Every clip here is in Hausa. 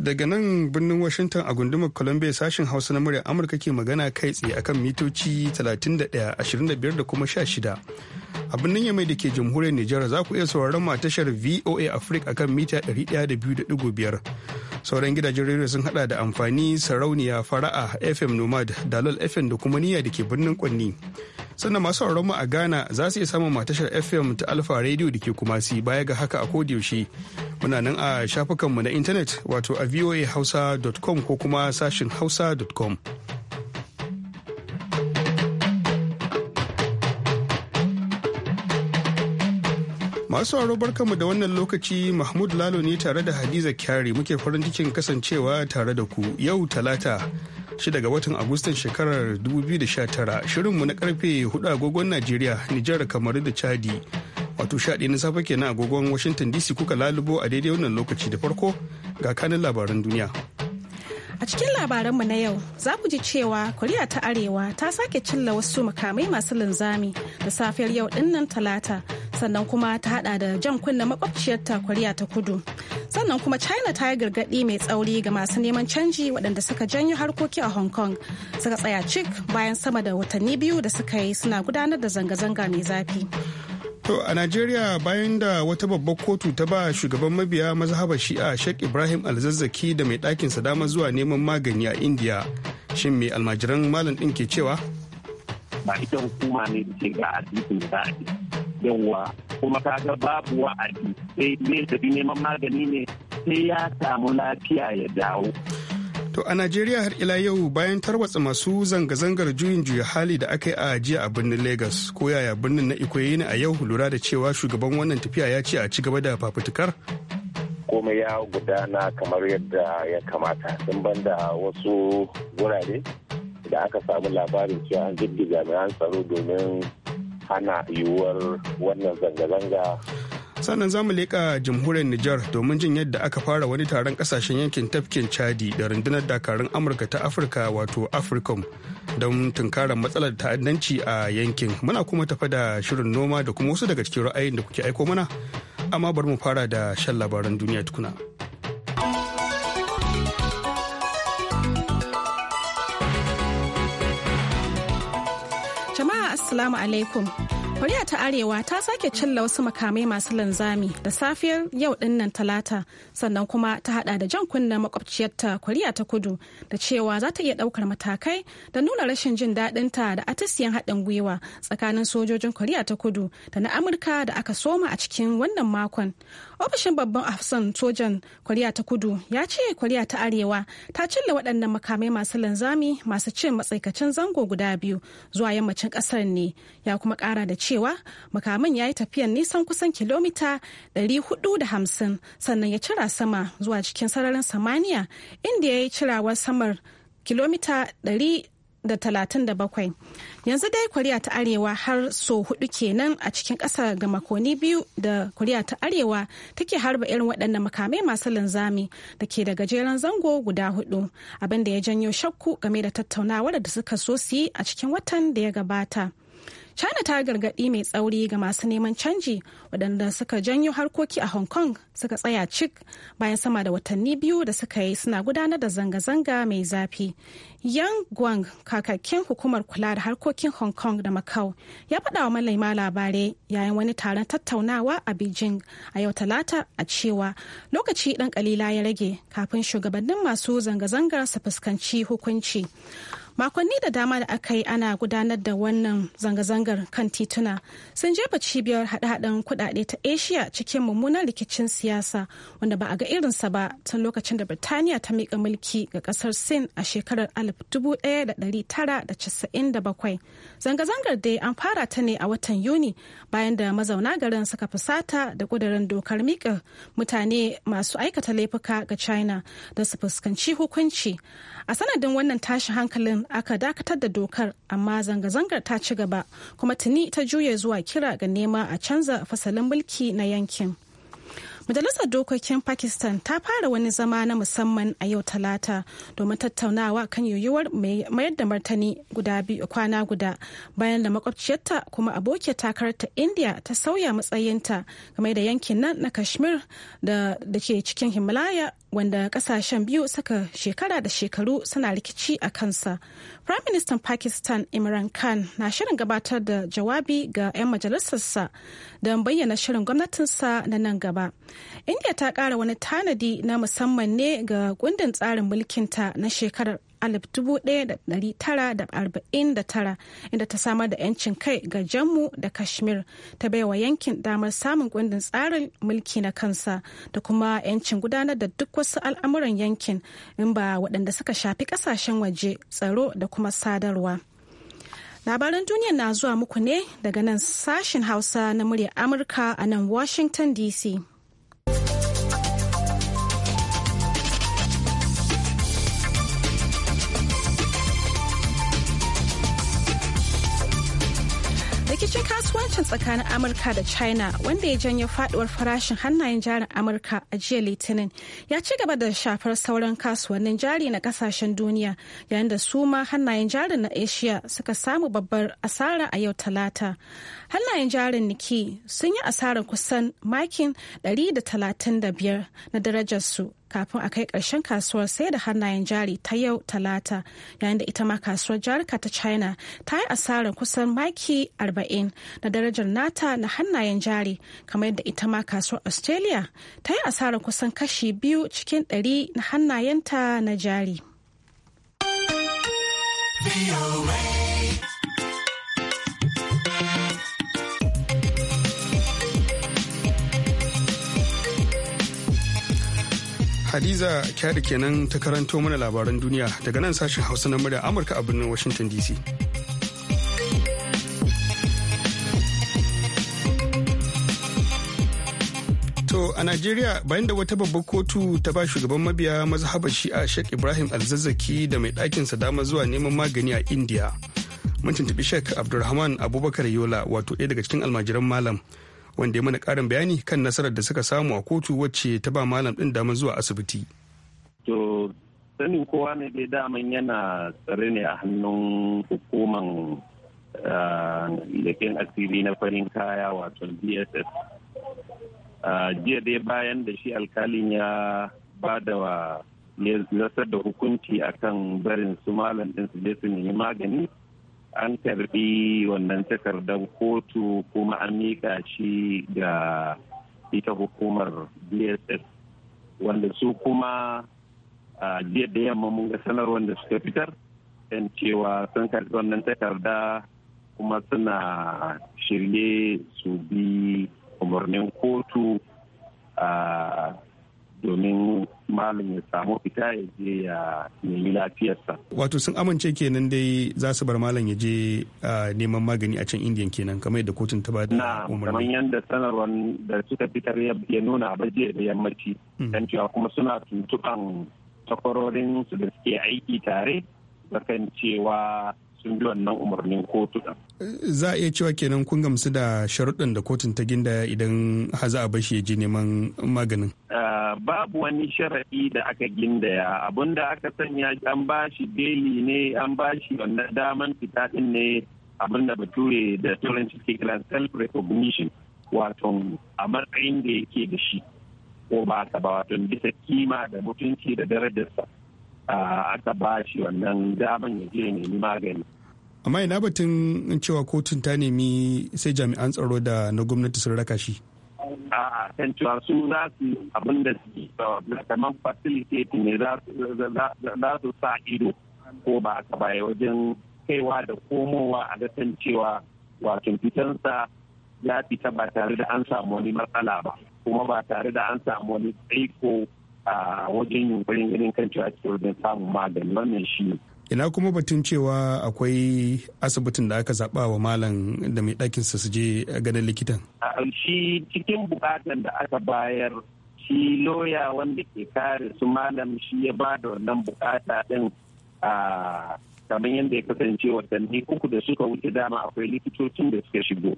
Daga nan birnin Washington a gundumar Columbia sashen Hausa na murya Amurka ke magana kai tsaye akan mitoci 31, 25 da kuma 16. A birnin Yamai da ke jamhuriyar Nijar za ku iya sauraron ma tashar VOA Africa akan mita 102.5. Sauran gidajen rediyo sun hada da amfani sarauniya fara'a FM Nomad, Dalol FM da kuma niyya da ke birnin Kwanni. sannan masu mu a ghana za su iya samun matashar fm ta alfa radio da ke kumasi baya ga haka a kodiyaushe muna nan a shafukanmu na intanet wato a voahausa.com ko kuma sashin hausa.com Masu sauraro barkanmu da wannan lokaci Mahmud Lalo ne tare da Hadiza Kyari muke farin cikin kasancewa tare da ku yau talata shi daga watan Agustan shekarar 2019 shirinmu na karfe 4 agogon Najeriya, Nijar, kamaru da Chadi. wato shaɗi na safe kenan agogon washington dc kuka lalubo a daidai wannan lokaci da farko ga kanin labaran duniya a cikin labaranmu na yau za ku ji cewa koriya ta arewa ta sake cilla wasu makamai masu linzami da safiyar yau dinnan talata sannan kuma ta hada da jan kunna makwabciyarta koriya ta kudu sannan kuma china ta yi gargadi mai tsauri ga masu neman canji waɗanda suka janyo harkoki a hong kong suka tsaya cik bayan sama da watanni biyu da suka yi suna gudanar da zanga-zanga mai zafi To a Najeriya bayan da wata babbar kotu ta ba shugaban mabiya mazhabar shi'a Sheikh Ibrahim Alzazzaki da mai ɗakinsa dama zuwa neman magani a India. Shin mai almajiran malam ɗin ke cewa? Ba ita hukuma ne ke ga addini da yawa kuma kaga babu wa addini sai ne tafi neman magani ne sai ya samu lafiya ya dawo. To a Najeriya har ila yau bayan tarwatsa masu zanga-zangar juyin juya hali da aka yi a jiya a birnin Legas ko yaya birnin na Ikoyi ne a yau lura da cewa shugaban wannan tafiya ya ce a ci gaba da fafutukar? Komai ya gudana kamar yadda ya kamata sun da wasu wurare da aka samu labarin cewa an jibgi jami'an tsaro domin hana yiwuwar wannan zanga-zanga sannan za mu leƙa jamhuriyar Nijar domin jin yadda aka fara wani taron kasashen yankin tafkin Chadi da rundunar dakarun Amurka ta Afirka wato Africom don tunkarar matsalar ta'addanci a yankin. Muna kuma tafa da shirin noma da kuma wasu daga cikin ra'ayin da kuke aiko mana, amma bari mu fara da shan labaran duniya tukuna. Jama'a Assalamu alaikum. Koriya ta Arewa ta sake cilla wasu makamai masu linzami da safiyar yau dinnan talata sannan kuma ta hada da jan kunna makwabciyarta Koriya ta Kudu da cewa za ta iya daukar matakai da nuna rashin jin ta da atisiyan haɗin gwiwa tsakanin sojojin Koriya ta Kudu da na Amurka da aka soma a cikin wannan makon. Ofishin babban hafsan sojan Koriya ta Kudu ya ce Koriya ta Arewa ta cilla waɗannan makamai masu linzami masu cin matsaikacin zango guda biyu zuwa yammacin ƙasar ne ya kuma ƙara da cewa cewa makamin ya yi tafiyan nisan kusan kilomita 450 sannan ya cira sama zuwa cikin sararin samaniya inda ya yi cirawar samar kilomita 137 yanzu dai koriya ta arewa har so hudu kenan a cikin ƙasa ga makoni biyu da koriya ta arewa take harba irin waɗannan makamai masu linzami da ke da gajeren zango guda hudu abinda ya janyo shakku game da tattaunawar da suka so su yi a cikin watan da ya gabata china ta gargaɗi mai tsauri ga masu neman canji waɗanda suka janyo harkoki a hong kong suka tsaya cik bayan sama da watanni biyu da suka yi suna gudanar da zanga-zanga mai zafi yang guang kakakin hukumar kula da harkokin hong kong da macau ya faɗa wa malaima labarai yayin wani taron tattaunawa a beijing a yau talata a cewa lokaci ɗan ƙalila ya rage kafin shugabannin masu zanga-zanga su fuskanci hukunci makonni da dama da aka yi ana gudanar da wannan zanga-zangar kan tituna sun jefa cibiyar haɗe-haɗen kuɗaɗe ta asia cikin mummunan rikicin siyasa wanda ba a ga irinsa ba tun lokacin da birtaniya ta miƙa mulki ga ƙasar sin a shekarar 1997 Zanga-zangar dai an fara ta ne a watan Yuni bayan da mazauna garin suka fusata da kudurin dokar miƙa mutane masu aikata laifuka ga China da su fuskanci hukunci. A sanadin wannan tashin hankalin aka dakatar da dokar amma zanga-zangar ta ci gaba kuma tuni ta juya zuwa kira ga nema a canza fasalin mulki na yankin. Majalisar Dokokin Pakistan ta fara wani zama na musamman a yau Talata domin tattaunawa kan yoyuwar mayar da martani guda biyu kwana guda bayan da makwabciyarta kuma abokiyar takararta India ta sauya matsayinta game da yankin nan na Kashmir da ke cikin Himalaya wanda kasashen biyu suka shekara da shekaru suna rikici a kansa. Prime Minister Pakistan Imran Khan na shirin gabatar da jawabi ga 'yan majalisarsa don bayyana shirin gwamnatinsa na nan gaba. India ta ƙara wani tanadi na musamman ne ga kundin tsarin mulkinta na shekarar 1949 inda ta samar da 'yancin kai ga jammu da kashmir ta baiwa yankin damar samun kundin tsarin mulki na kansa da kuma 'yancin gudanar da duk wasu al'amuran yankin in ba waɗanda suka shafi ƙasashen waje tsaro da kuma sadarwa. Labaran duniya na zuwa muku ne daga nan sashen Hausa na murya Amurka a nan Washington DC. kasuwancin tsakanin amurka da china wanda ya janyo faduwar farashin hannayen jarin amurka a jiya litinin ya ci gaba da shafar sauran kasuwannin jari na kasashen duniya yayin da su ma hannayen jarin na asia suka samu babbar asara a yau talata hannayen jarin niki sun yi asarar kusan makin 135 na darajarsu kafin a kai ƙarshen kasuwar sai da hannayen jari ta yau talata yayin da ita ma kasuwar jarka ta china ta yi asarar kusan maki 40 na darajar nata na hannayen jari kamar yadda ita ma kasuwar australia ta yi asarar kusan kashi biyu cikin 100 na hannayenta na jari. Hadiza Kyari kenan ta karanto mana labaran duniya daga nan sashen Hausa na murya Amurka a birnin Washington DC. To a Najeriya bayan da wata babbar kotu ta ba shugaban mabiya mazhabar shi'a Sheikh Ibrahim Alzazzaki da mai ɗakinsa dama zuwa neman magani a India. Mun tuntuɓi Sheikh Abdulrahman Abubakar Yola wato ɗaya daga cikin almajiran malam. wanda ya mana karin bayani kan nasarar da suka samu a kotu wacce ta ba malam din damar zuwa asibiti. To sanin kowa ne dai daman yana tsare ne a hannun hukuman yakin eh, asiri na farin kaya wato DSS. Jiya dai bayan da shi alkalin ya ba da wa nasar da hukunci akan barin su malam din su je su nemi magani. an karbi wannan takardar kotu kuma an mika shi ga ita hukumar dss wanda su kuma a da yamma mun ga sanarwar da suka fitar yan cewa sun karbi wannan takarda kuma suna shirye su bi umarnin kotu a domin malam ya samu fita ya je ya nemi lafiyarsa. Wato sun amince kenan dai za su bar malam ya je neman magani a can indiyan kenan kamar yadda kotun ta ba da umarni. kamar yadda sanarwar da suka fitar ya nuna a baje da yammaci. Hmm. Dan cewa kuma suna tuntuɓan takwarorin su da suke aiki tare. Bakan cewa sun bi wannan umarnin kotu da. Za a iya cewa kenan kun gamsu da sharuɗin da kotun ta ginda idan haza a bashi ya ji neman maganin. Eh, babu wani sharaɗi da aka gindaya abun da aka sanya an bashi beli ne an bashi wannan daman fita ɗin ne abin da bature da turanci ke kira self recognition wato a matsayin da yake da shi ko ba ta ba wato bisa kima da mutunci da darajarsa. aka ba shi wannan daman ya je nemi magani amma ina batun cewa kotun ta nemi sai jami'an tsaro da na gwamnati sun raka shi a kan cewa su za su abin da su suke kamar facilitate ne za su sa ido ko ba kaba baya wajen kaiwa da komowa a gasan cewa wato fitansa ya fita ba tare da an samu wani matsala ba kuma ba tare da an samu wani tsaiko a wajen yunkurin irin kan cewa ake wajen samun magani wannan shi ina kuma batun cewa akwai asibitin da aka zaɓa wa malam da mai ɗakinsa su je ganin likitan shi cikin bukatan da aka bayar shi loya wanda ke kare su malam shi ya ba da wannan bukata din a kamar yadda ya kasance watanni uku da suka wuce dama akwai likitocin da suka shigo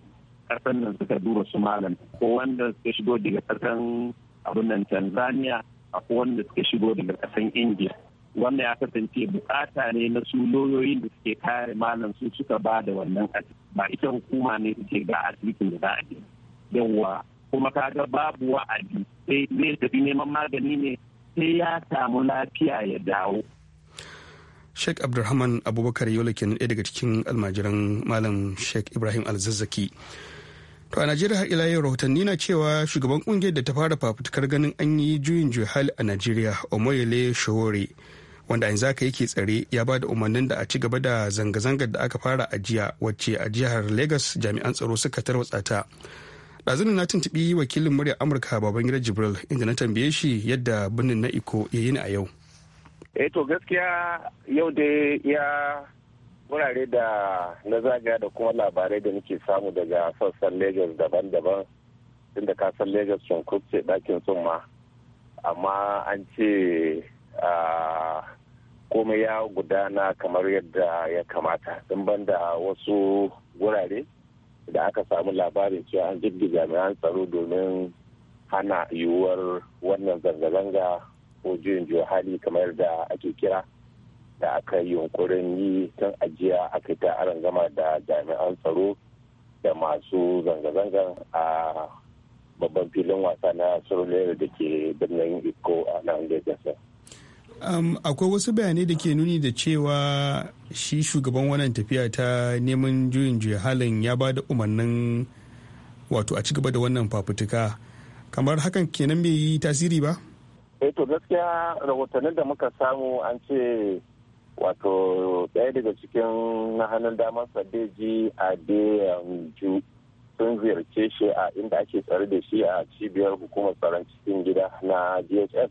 kasan nan suka dura su malam ko wanda suka shigo daga kasan abin nan tanzania akwai wanda suka shigo daga kasan indiya wannan ya kasance bukata ne na su loyoyin da suke kare malam su suka ba da wannan ba ita hukuma ne suke ga asibitin da za a je yawwa kuma kaga babu wa'adi sai zai tafi neman magani ne sai ya samu lafiya ya dawo Sheikh Abdulrahman Abubakar Yola kenan ɗaya daga cikin almajiran Malam Sheikh Ibrahim Alzazzaki. To a Najeriya har ila yau rahotanni na cewa shugaban kungiyar da ta fara fafutukar ganin an yi juyin juhal a Najeriya Omoyele Shawore wanda yanzu haka yake tsare ya ba da umarnin da a ci gaba da zanga-zangar da aka fara a jiya wacce a jihar Lagos jami'an tsaro suka tarwatsa ta. Dazunin na tuntubi wakilin murya Amurka Babangida Jibril inda na tambaye shi yadda birnin na Iko ya yi a yau. Eh to gaskiya yau dai ya wurare da na zagaya da kuma labarai da nake samu daga sassan Lagos daban-daban inda ka san Lagos cunkut ce ɗakin ma amma an ce komai ya gudana kamar yadda ya kamata don banda wasu wurare da aka samu labarin cewa an jirgi jami'an tsaro domin hana yiwuwar wannan zanga-zanga ko juyin hali kamar da ake kira da aka yi yunkurin yi tun ajiya aka ta aron gama da jami'an tsaro da masu zanga-zangan a babban filin wasa na surulayar da ke birnin iko a nan Um, akwai wasu bayanai da ke nuni da cewa shi shugaban wannan tafiya ta neman juyin juya halin ya ba da umarnin wato a ci gaba da wannan fafutuka kamar hakan kenan bai yi tasiri ba? eh to gaskiya rahotannin da muka samu an ce wato ɗaya daga cikin na hannun damar sadeji a ju sun ziyarce shi a inda ake tsare da shi a cibiyar hukumar tsaron cikin gida na dhs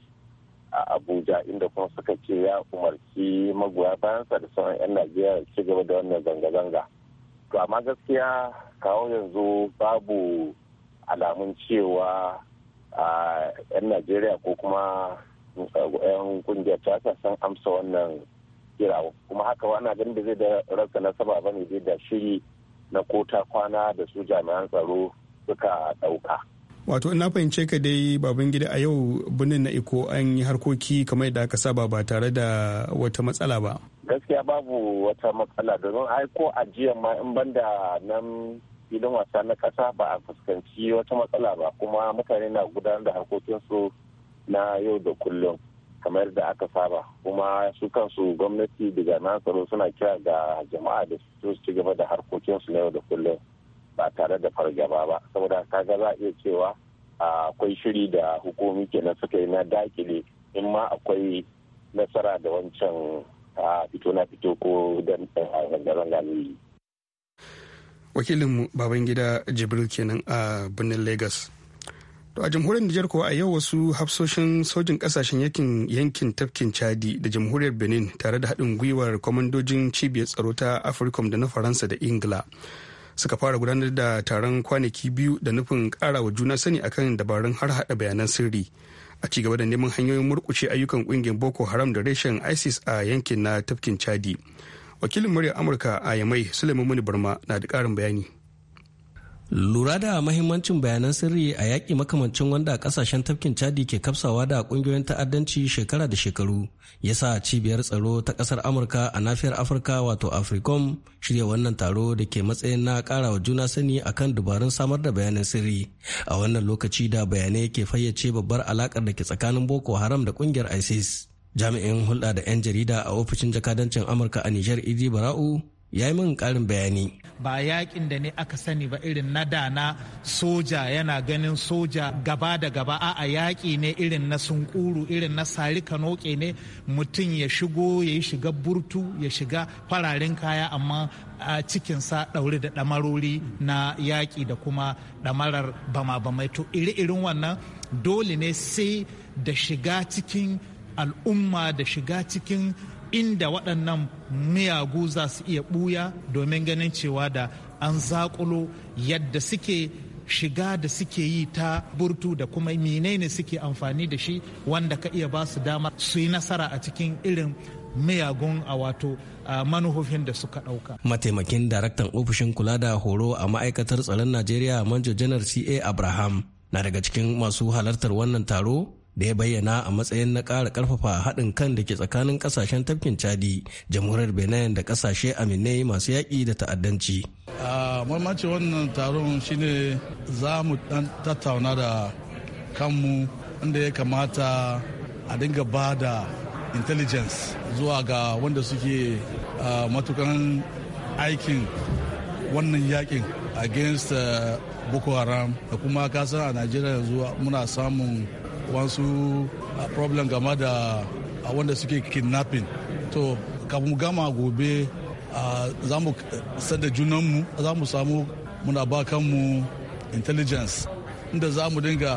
a abuja inda kuma suka ce ya umarci magoya bayansa da sauran 'yan najeriya ci gaba da wannan zanga-zanga to amma gaskiya kawo yanzu babu alamun cewa a 'yan najeriya ko kuma 'yan kungiyar ta san amsa wannan kirawo kuma haka wani ganin da zai da rasa nasaba ba ne zai da shiri na kota kwana da su jami'an tsaro suka ɗauka. wato ina fahimce ka dai baban gida a yau birnin na iko an yi harkoki kamar yadda aka saba ba tare da wata matsala ba gaskiya babu wata matsala domin ai ko ajiyar ma in banda nan filin wasa na kasa ba a fuskanci wata matsala ba kuma mutane na gudanar da harkokinsu na yau da kullum kamar da aka saba kuma su kansu gwamnati daga nasaro suna kira ga jama'a da su ci gaba da su na yau da kullum ba tare da fargaba ba saboda kaga za a iya cewa akwai shiri da hukumi kenan suka yi na dakile in ma akwai nasara da wancan fito na fito ko dan zanga wakilin wakilinmu babangida jibril kenan a birnin lagos To a jamhuriyar Nijar kuwa a yau wasu hafsoshin sojin kasashen yankin yankin tafkin Chadi da jamhuriyar Benin tare da haɗin gwiwar kwamandojin cibiyar tsaro ta Africom da na Faransa da Ingila. Suka fara gudanar da taron kwanaki biyu da nufin ƙara wa juna sani akan dabarun har haɗa bayanan sirri. A ci gaba da neman hanyoyin murkushe ayyukan ƙungiyar Boko Haram da reshen ISIS a yankin na tafkin Chadi. Wakilin muryar Amurka a Yamai Suleiman Muni Barma na da ƙarin bayani. lura da mahimmancin bayanan sirri a yaƙi makamancin wanda ƙasashen tafkin chadi ke kafsawa da ƙungiyoyin ta'addanci shekara da shekaru ya sa cibiyar tsaro ta ƙasar amurka a nafiyar afirka wato africom shirya wannan taro da ke matsayin na ƙara wa juna sani akan dubarun samar da bayanan sirri a wannan lokaci da bayanai ke fayyace babbar alaƙar da ke tsakanin boko haram da ƙungiyar isis jami'in hulɗa da 'yan jarida a ofishin jakadancin amurka a nijar idi bara'u ya yi min karin bayani ba yakin da ne aka sani ba irin na dana soja yana ganin soja gaba da gaba a yaƙi ne irin na sunkuru irin na sari kanoke ne mutum ya shigo ya yi shiga burtu ya shiga fararen kaya amma a cikinsa ɗauri da ɗamarori na yaƙi da kuma ɗamarar bama-bamai to iri-irin wannan dole ne sai da shiga cikin al'umma da shiga cikin inda waɗannan miyagu za su iya ɓuya domin ganin cewa da an zaƙulo yadda suke shiga da suke yi ta burtu da kuma menene suke amfani da shi wanda ka iya ba su dama su yi nasara a cikin irin miyagun a wato manufofin da suka ɗauka. Mataimakin daraktan ofishin kula da horo a ma'aikatar tsaron Najeriya Manjo Janar CA Abraham na daga cikin masu halartar wannan taro da ya bayyana a matsayin na ƙara ƙarfafa haɗin kan da ke tsakanin ƙasashen tafkin chadi jamhuriyar benin da ƙasashe aminai masu yaƙi da ta'addanci. mamaci wannan taron shine za mu tattauna da kanmu inda ya kamata a dinga ba da intelligence zuwa ga wanda suke matukan aikin wannan yakin against eh, boko haram da kuma kasar a najeriya yanzu muna samun wasu ah, problem game da ah, wanda suke kidnapping to kafin gama gobe ah, za mu eh, sada junanmu za mu samu muna ba kanmu intelligence inda za mu dinga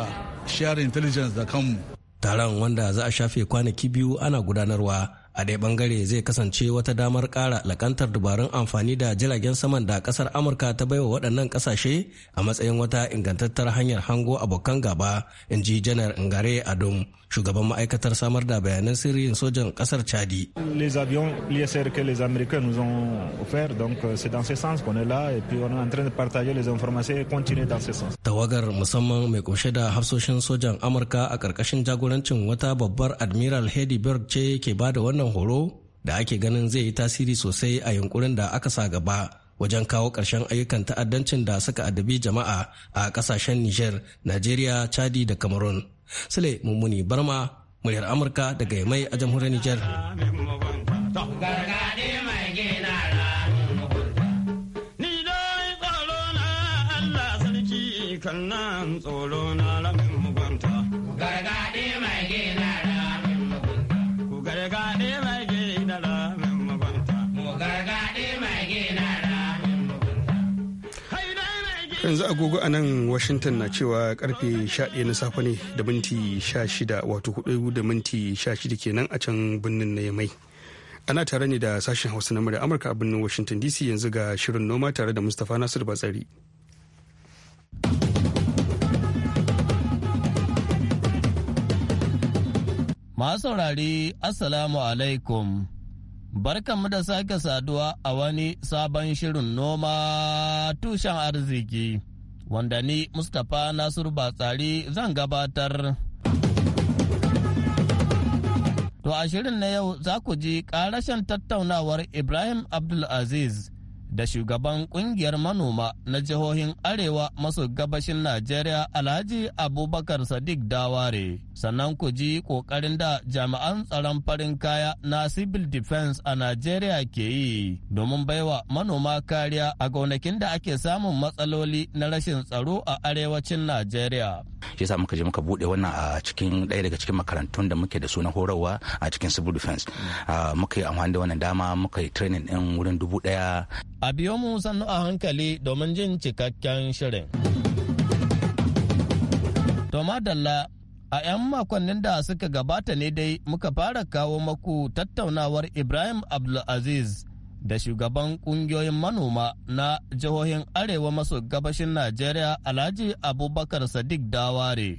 share intelligence da kanmu taron wanda za a shafe kwanaki biyu ana gudanarwa a dai bangare zai kasance wata damar kara lakantar dubarun amfani da jiragen saman da kasar amurka ta baiwa waɗannan kasashe a matsayin wata ingantattar hanyar hango abokan gaba in ji janar ngare adum shugaban ma'aikatar samar da bayanan sirrin sojan kasar chadi les avions l'ISR que les américains nous ont offert donc tawagar musamman mai kunshe da hafsoshin sojan amurka a ƙarƙashin jagorancin wata babbar admiral Hedy Berg ce ke bada wannan wannan horo da ake ganin zai yi tasiri sosai a yunkurin da aka sa gaba wajen kawo ƙarshen ayyukan ta'addancin da suka addabi jama'a a ƙasashen Nijar, Najeriya, Chadi da Cameroon. Sule Mummuni Barma, muryar Amurka daga Yamai a jamhuriyar Nijar. Ni tsoro yanzu agogo a nan washington na cewa karfe 11 na safe ne da minti 16 wato 4 da minti 16 kenan a can birnin na yamai ana tare ne da sashen hausa na murya amurka a birnin washington dc yanzu ga shirin noma tare da mustapha nasir batsari masu saurare assalamu alaikum Barkanmu da sake saduwa a wani sabon shirin noma tushen arziki, wanda ni Mustapha Nasiru Batsari zan gabatar. To a shirin na yau za ku ji ƙarashen tattaunawar Ibrahim Abdulaziz da shugaban kungiyar manoma na jihohin arewa maso gabashin najeriya alhaji abubakar sadiq daware sannan ku ji kokarin da jami'an tsaron farin kaya na civil defense a najeriya ke yi domin baiwa manoma kariya a gonakin da ake samun matsaloli na rashin tsaro a arewacin najeriya shi yasa muka je muka bude wannan a cikin daya daga cikin makarantun da muke da su na horarwa a cikin civil defense mm. ah, muka yi amfani da wannan dama muka yi training din wurin dubu ɗaya A biyo mu sannu a hankali domin jin cikakken shirin. Toma Dalla a 'yan makonnin da suka gabata ne dai muka fara kawo maku tattaunawar Ibrahim Abdulaziz da shugaban kungiyoyin manoma na jihohin Arewa maso gabashin Najeriya Alhaji Abubakar Sadiq Daware.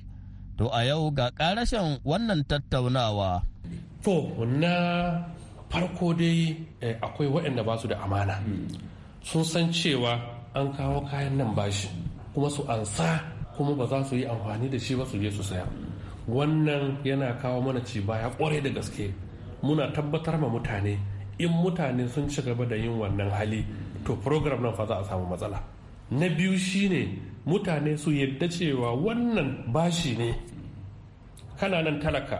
To a yau ga karashen wannan tattaunawa. To na farko dai eh, akwai waɗanda ba su da amana. sun san cewa an kawo kayan nan bashi kuma su ansa kuma ba za su yi amfani da shi ba su je su saya wannan yana kawo mana ci baya kwarai da gaske muna tabbatar ma mutane in mutane sun ci gaba da yin wannan hali to program nan fa za a samu matsala na biyu shine mutane su yadda cewa wannan bashi ne kana nan talaka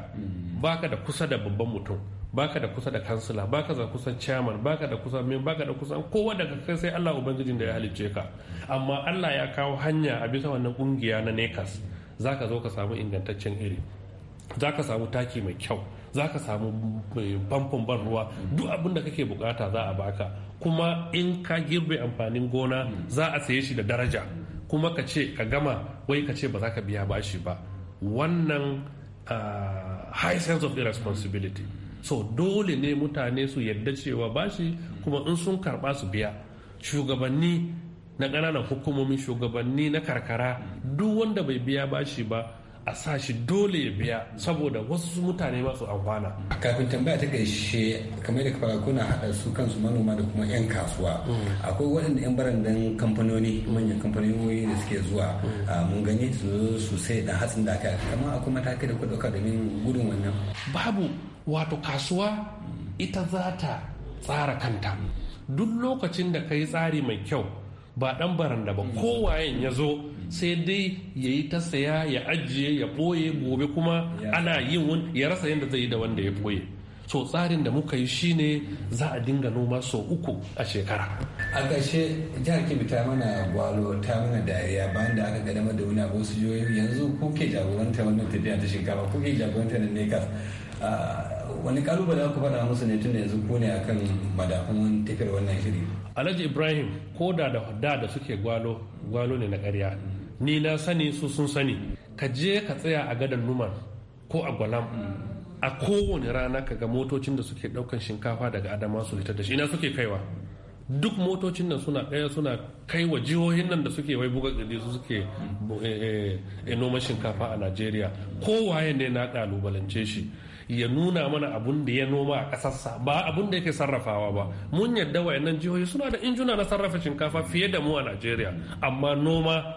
baka da kusa da babban mutum baka da kusa da kansila baka da kusa chairman baka da kusa min baka da kusa kowa daga kai sai Allah ubangijin da ya halicce ka amma Allah ya kawo hanya a bisa wannan kungiya na nekas zaka zo ka samu ingantaccen iri zaka samu taki mai kyau zaka samu famfon ban ruwa duk abin da kake bukata za a baka kuma in ka girbe amfanin gona za a saye shi da daraja kuma ka ce ka gama wai ka ce ba za ka biya bashi ba wannan uh, high sense of irresponsibility so dole ne mutane su yadda cewa bashi kuma in sun karba su biya shugabanni na ƙananan hukumomin shugabanni na karkara duk wanda bai biya bashi ba a sa shi dole ya biya saboda wasu mutane masu amfana. kafin tambaya ta gaishe kamar da kafa kuna haɗa su kansu manoma da kuma 'yan kasuwa mm. akwai waɗanda 'yan barandan kamfanoni manyan kamfanoni da suke zuwa mm. ah, mun gani su sosai da hatsin da aka kama akwai matakai da kuɗauka domin gudun wannan. babu wato kasuwa ita za ta tsara kanta duk lokacin da ka yi tsari mai kyau ba dan baranda ba mm. kowayen ya zo sai dai ya yi ta saya ya ajiye ya boye gobe kuma ana yin wani ya rasa yadda zai yi da wanda ya boye so tsarin da muka yi shine za a dinga noma sau uku a shekara a ƙarshe jihar kebbi ta mana gwalo ta mana dariya bayan da aka gadama da wani abu su yanzu kuke jagoranta wannan tafiya ta shinkafa kuke jagoranta na nekas Ah, wani kalubale ku faɗa musu ne tun yanzu ku ne kan madafin tafiyar wannan shiri alhaji ibrahim ko da da da da suke gwalo gwalo ne na ƙarya ni na sani su sun sani ka je ka tsaya a gadon numan ko a gwalam a kowane rana ka ga motocin da suke ɗaukan shinkafa daga adama su fitar da shi ina suke kaiwa duk motocin nan suna ɗaya suna kai wa jihohin nan da suke wai buga gari su suke eh, eh, eh, noman shinkafa a najeriya kowaye ne na ƙalubalance shi ya nuna mana abun da ya noma a ƙasarsa ba abun da yake sarrafawa ba mun yadda wayannan jihohi suna da injuna na sarrafa shinkafa fiye da mu a najeriya amma noma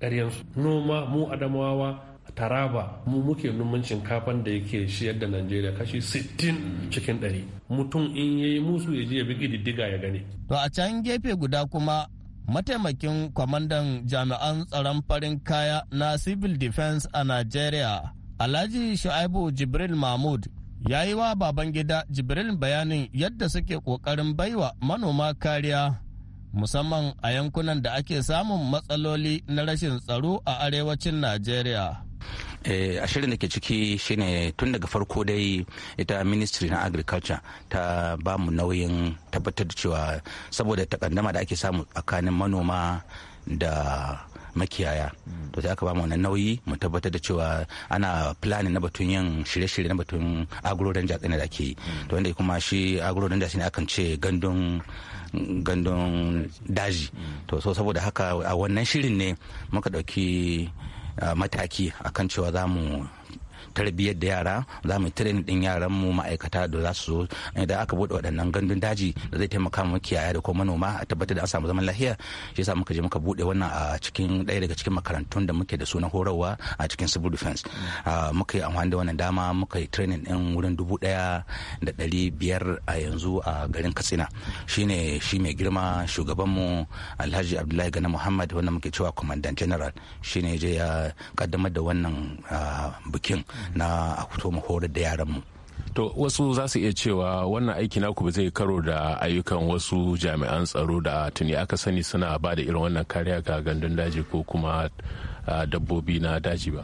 ƙaryansu noma mu adamawa taraba mu muke numan shinkafan da yake shiyar da najeriya kashi 60 cikin 100 mutum in yayi musu ya je ya bi diddiga ya gani to a can gefe guda kuma mataimakin kwamandan jami'an tsaron farin kaya na civil defense a Najeriya, Alhaji Shu'aibu Jibril Mahmud ya yi wa baban gida Jibril bayanin yadda suke ƙoƙarin baiwa manoma kariya musamman a yankunan da ake samun matsaloli na rashin tsaro a arewacin Najeriya. Eh, a shirin da ke ciki shine tun daga farko dai ita ministry na agriculture ta ba mu nauyin tabbatar da cewa saboda takandama da ake samu tsakanin manoma da makiyaya mm. to sai aka ba mu wannan nauyi mu tabbatar da cewa ana planning na batun yin shirye-shirye na batun agro ranja da ake yi mm. to wanda kuma shi agro ranja shine akan ce gandun gandun daji mm. to so saboda haka a wannan shirin ne muka dauki ah, mataki akan cewa za mu tarbiyyar da yara za mu training din yaran mu ma'aikata da za su zo da aka bude waɗannan gandun daji da zai taimaka mu kiyaye da kuma manoma a tabbatar da an samu zaman lafiya shi yasa muka je muka bude wannan a cikin ɗaya daga cikin makarantun da muke da su na horarwa a cikin civil defense muka yi amfani da wannan dama muka yi training din wurin dubu ɗaya da ɗari biyar a yanzu a garin katsina shine shi mai girma shugaban mu alhaji abdullahi gana muhammad wanda muke cewa commandant general shine je ya kaddamar da wannan bikin na a fito mu horar da yaran mu. to wasu za su iya cewa wannan aiki naku ba zai karo da ayyukan wasu jami'an tsaro da tuni aka sani suna ba da irin wannan kariya ga gandun daji ko kuma ah, dabbobi na daji ba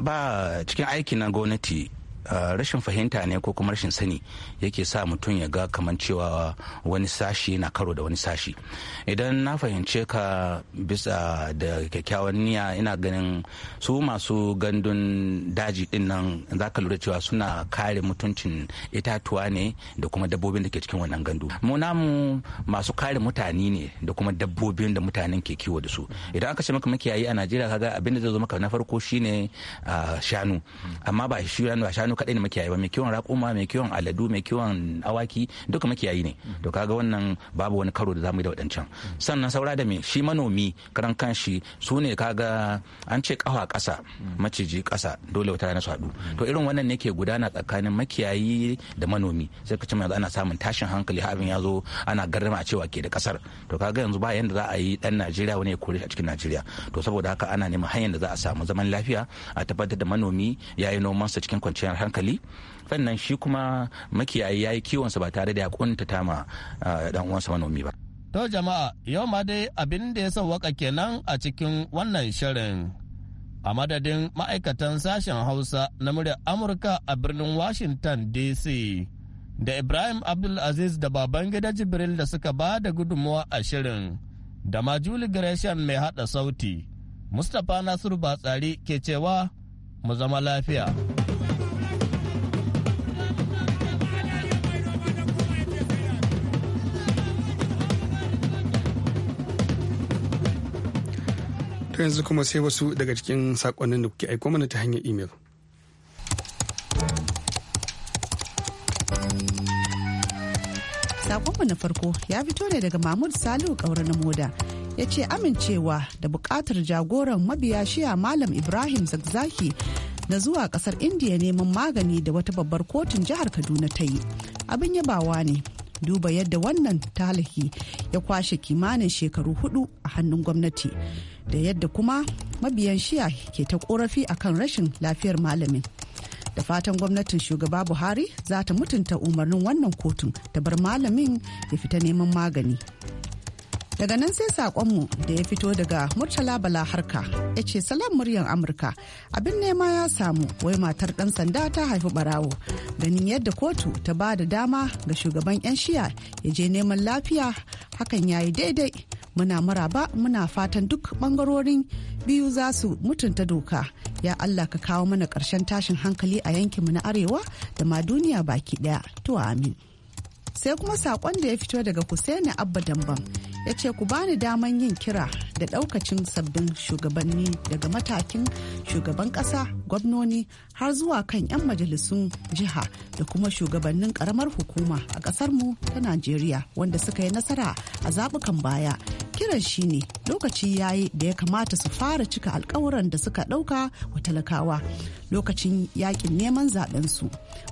ba cikin aiki na gwamnati rashin fahimta ne ko kuma rashin sani yake sa mutum ya ga kamar cewa wani sashi na karo da wani sashi idan na fahimce ka bisa da kyakkyawan niyya ina ganin su masu gandun daji din nan za ka lura cewa suna kare mutuncin itatuwa ne da kuma dabbobin da ke cikin wannan gandu mu namu masu kare mutane ne da kuma dabbobin da mutanen ke kiwo da su idan aka ce maka makiyayi a najeriya kaga abin da zai zo maka na farko shine shanu amma ba shanu shanu kaɗai ne makiyayi ba mai kiwon raƙuma mai kiwon aladu mai kiwon awaki duka makiyayi ne to kaga wannan babu wani karo da zamu yi da waɗancan sannan saura da me shi manomi karan kanshi su ne kaga an ce kafa ƙasa maciji ƙasa dole wata rana su haɗu to irin wannan ne ke gudana tsakanin makiyayi da manomi sai ka ce yanzu ana samun tashin hankali har abin ya zo ana garrama a cewa ke da ƙasar to kaga yanzu ba yanda za a yi dan Najeriya wani ya kore shi a cikin Najeriya to saboda haka ana neman hanyar da za a samu zaman lafiya a tabbatar da manomi ya yi nomansa cikin kwanciyar hankali sannan shi kuma makiyayi ya yi kiwonsa ba tare da ya kuntata ma dan uwansa manomi ba to jama'a yau ma dai abin da ya sauwaka kenan a cikin wannan shirin a madadin ma'aikatan sashen hausa na muryar amurka a birnin washington dc da ibrahim abdulaziz da baban gida jibril da suka ba da gudunmuwa a shirin da ma julie gresham mai hada sauti mustapha nasiru batsari ke cewa mu zama lafiya To yanzu kuma sai wasu daga cikin sakonnin da kuke aiko mana ta hanyar imel. Sakonmu na farko ya fito ne daga Mahmud Salihu Kaura na Moda. ya ce amincewa da bukatar jagoran mabiya shiya malam ibrahim zakzaki na zuwa kasar indiya neman magani da wata babbar kotun jihar kaduna ta yi abin yabawa ne duba yadda wannan talaki ya kwashe kimanin shekaru hudu a hannun gwamnati da yadda kuma mabiyan shiya ke ta korafi akan rashin lafiyar malamin da fatan gwamnatin shugaba buhari za ta mutunta umarnin wannan kotun ta bar malamin ya fita neman magani daga nan sai saƙonmu da ya fito daga murtala bala harka ya ce salam muryan amurka abin nema ya samu wai matar ɗan sanda ta haifi barawo ganin yadda kotu ta ba da dama ga shugaban yan shiya ya je neman lafiya hakan ya yi daidai muna maraba muna fatan duk bangarorin biyu za su mutunta doka ya allah ka kawo mana ƙarshen tashin hankali a yankinmu na arewa da ma duniya baki ɗaya to amin sai kuma saƙon da ya fito daga Hussaini abba dambam ya ce ku bani daman yin kira da daukacin sabbin shugabanni daga matakin shugaban kasa gwamnoni har zuwa kan 'yan majalisun jiha da kuma shugabannin karamar hukuma a kasar mu ta najeriya wanda suka yi nasara a zabukan baya kiran shi ne lokaci yayi da ya kamata su fara cika alkawuran da suka ɗauka wa talakawa lokacin yakin neman zaben su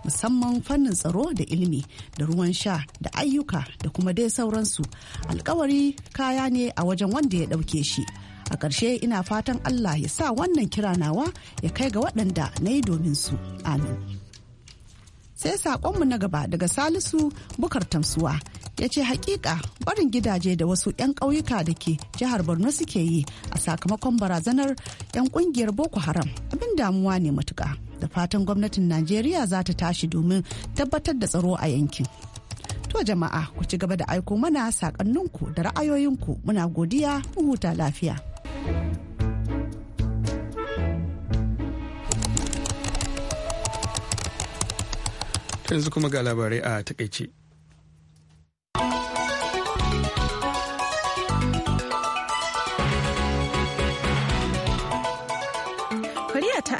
musamman fannin tsaro da ilimi da ruwan sha da ayyuka da kuma dai sauransu alkawari kaya ne a wajen wanda ya ɗauki. ɗauke shi a ƙarshe ina fatan allah ya sa wannan kira nawa ya kai ga waɗanda na yi domin su amin sai saƙonmu na gaba daga salisu bukar tamsuwa ya ce hakika barin gidaje da wasu 'yan ƙauyuka da ke jihar borno suke yi a sakamakon barazanar 'yan ƙungiyar boko haram abin damuwa ne matuka da fatan gwamnatin najeriya za ta tashi domin tabbatar da tsaro a yankin To jama'a ku ci gaba da aiko mana sakanninku da ra'ayoyinku muna godiya mu huta lafiya. Yanzu kuma ga labarai a takaice.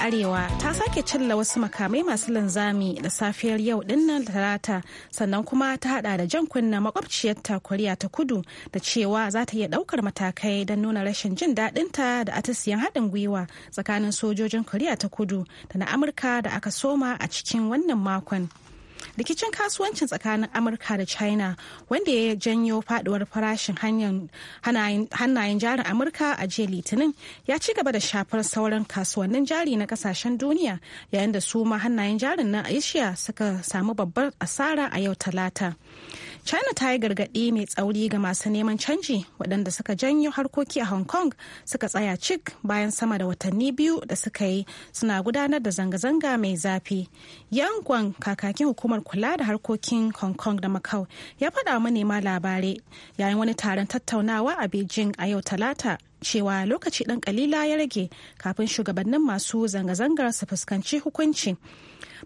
Arewa ta sake cilla wasu makamai masu linzami da safiyar yau dinnan talata sannan kuma ta hada da jan kunna makwabciyarta Koriya ta kudu da cewa za ta iya daukar matakai don nuna rashin jin daɗinta da atisiyan haɗin gwiwa tsakanin sojojin Koriya ta kudu da na Amurka da aka soma a cikin wannan makon. rikicin kasuwancin tsakanin amurka da china wanda ya janyo faduwar farashin hannayen jarin amurka a jiya litinin ya ci gaba da shafar sauran kasuwannin jari na kasashen duniya yayin da su ma hannayen jarin na asia suka samu babbar asara a yau talata china ta yi gargaɗi mai tsauri ga masu neman canji waɗanda suka janyo harkoki a hong kong suka tsaya cik bayan sama da watanni biyu da suka yi suna gudanar da zanga-zanga mai zafi yan guang kakakin hukumar kula da harkokin hong kong da macau ya faɗa manema labarai yayin wani taron tattaunawa a beijing a yau talata cewa lokaci ɗan kalila ya rage kafin shugabannin masu zanga-zangar su fuskanci hukunci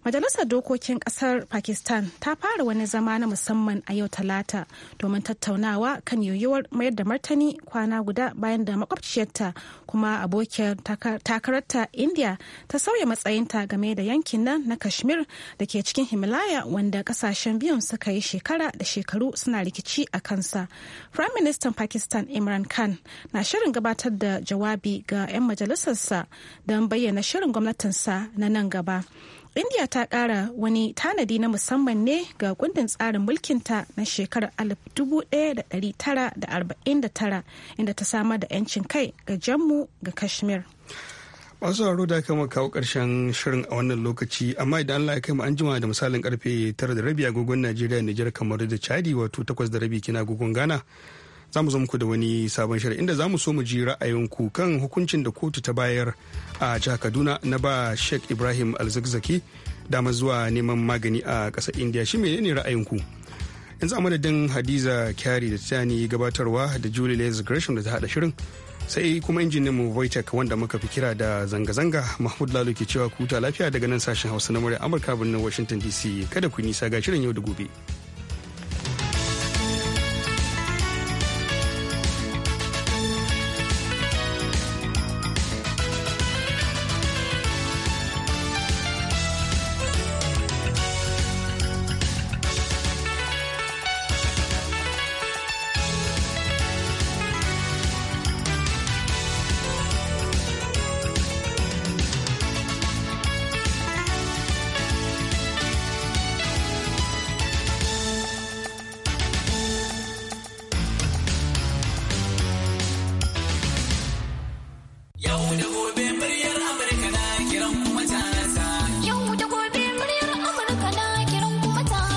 Majalisar Dokokin Ƙasar Pakistan ta fara wani zama na musamman a yau Talata domin tattaunawa kan yiwuwar mayar da martani kwana guda bayan da makwabciyarta kuma abokiyar takararta India ta sauya matsayinta game da yankin nan na Kashmir da ke cikin Himalaya wanda kasashen biyun suka yi shekara da shekaru suna rikici a kansa. Prime Minister Pakistan Imran Khan na shirin gabatar da jawabi ga 'yan majalisarsa don bayyana shirin gwamnatinsa na nan gaba. India ta kara wani tanadi na musamman ne ga kundin tsarin mulkinta na shekarar 1949 inda ta samar da 'yancin kai ga Jammu ga Kashmir. Masu haro da kama kawo karshen shirin a wannan lokaci amma idan Allah ya kai mu an jima da misalin karfe 9 da rabi agogon Najeriya Nijar kamar da Chadi wato 8 da rabi kina agogon Ghana. za mu zo muku da wani sabon shirin inda za mu so mu ji ra'ayinku kan hukuncin da kotu ta bayar a jihar kaduna na ba sheikh ibrahim alzakzaki dama zuwa neman magani a ƙasar india shi menene ra'ayinku yanzu a madadin hadiza kyari da tani gabatarwa da julie les gresham da ta hada shirin sai kuma injinin mu voitech wanda muka fi kira da zanga-zanga mahmud lalu ke cewa ku huta lafiya daga nan sashen hausa na murya amurka birnin washington dc kada ku nisa ga shirin yau da gobe.